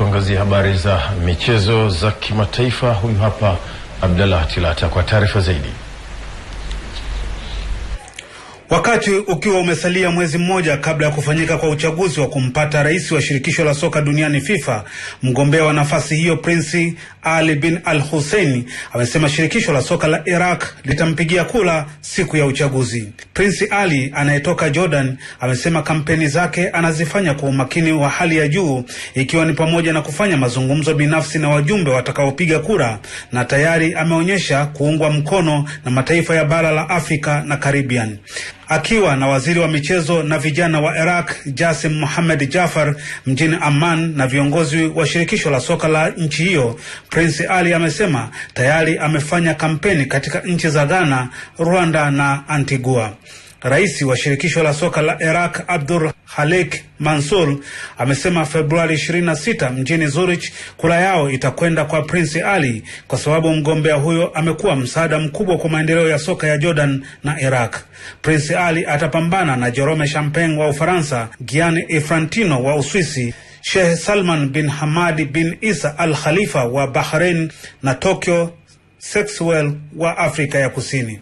tuangazie habari za michezo za kimataifa. Huyu hapa Abdallah Tilata kwa taarifa zaidi. Wakati ukiwa umesalia mwezi mmoja kabla ya kufanyika kwa uchaguzi wa kumpata rais wa shirikisho la soka duniani FIFA, mgombea wa nafasi hiyo Prince Ali bin Al Hussein amesema shirikisho la soka la Iraq litampigia kula siku ya uchaguzi. Prince Ali anayetoka Jordan amesema kampeni zake anazifanya kwa umakini wa hali ya juu, ikiwa ni pamoja na kufanya mazungumzo binafsi na wajumbe watakaopiga kura, na tayari ameonyesha kuungwa mkono na mataifa ya bara la Afrika na Caribbean akiwa na waziri wa michezo na vijana wa Iraq Jasim muhamed Jafar mjini Amman na viongozi wa shirikisho la soka la nchi hiyo, Prince Ali amesema tayari amefanya kampeni katika nchi za Ghana, Rwanda na Antigua. Rais wa shirikisho la soka la Iraq Abdul Halik Mansur amesema Februari 26 mjini Zurich kura yao itakwenda kwa Prince Ali kwa sababu mgombea huyo amekuwa msaada mkubwa kwa maendeleo ya soka ya Jordan na Iraq. Prince Ali atapambana na Jerome Champagne wa Ufaransa, Gianni Infantino wa Uswisi, Sheikh Salman bin Hamadi bin Isa Al Khalifa wa Bahrain na Tokyo Sexwell wa Afrika ya Kusini.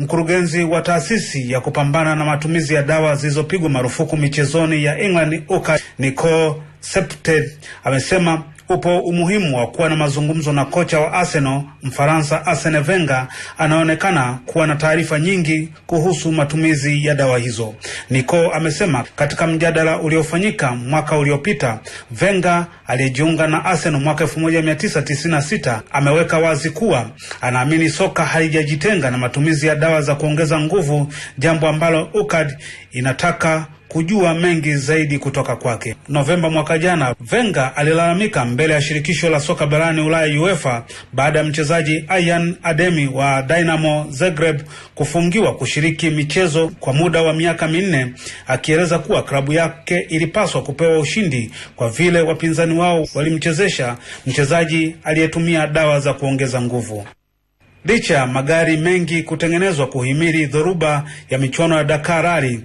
Mkurugenzi wa taasisi ya kupambana na matumizi ya dawa zilizopigwa marufuku michezoni ya England, UKA Nicole Septe amesema upo umuhimu wa kuwa na mazungumzo na kocha wa Arsenal Mfaransa Arsene Wenger anaonekana kuwa na taarifa nyingi kuhusu matumizi ya dawa hizo. Nico amesema katika mjadala uliofanyika mwaka uliopita, Wenger aliyejiunga na Arsenal mwaka 1996 ameweka wazi kuwa anaamini soka halijajitenga na matumizi ya dawa za kuongeza nguvu, jambo ambalo UKAD inataka kujua mengi zaidi kutoka kwake. Novemba mwaka jana, Venga alilalamika mbele ya shirikisho la soka barani Ulaya UEFA baada ya mchezaji Ayan Ademi wa dinamo Zagreb kufungiwa kushiriki michezo kwa muda wa miaka minne, akieleza kuwa klabu yake ilipaswa kupewa ushindi kwa vile wapinzani wao walimchezesha mchezaji aliyetumia dawa za kuongeza nguvu. Licha ya magari mengi kutengenezwa kuhimili dhoruba ya michuano ya Dakar Rally,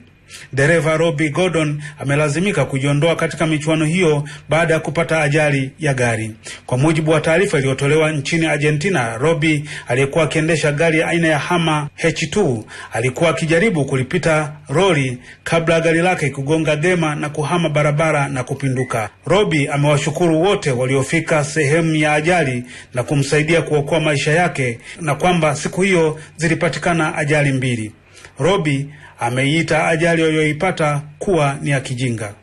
Dereva robi Gordon amelazimika kujiondoa katika michuano hiyo baada ya kupata ajali ya gari. Kwa mujibu wa taarifa iliyotolewa nchini Argentina, Robi aliyekuwa akiendesha gari aina ya Hummer H2 alikuwa akijaribu kulipita roli kabla gari lake kugonga gema na kuhama barabara na kupinduka. robi amewashukuru wote waliofika sehemu ya ajali na kumsaidia kuokoa maisha yake na kwamba siku hiyo zilipatikana ajali mbili. Robi ameiita ajali aliyoipata kuwa ni ya kijinga.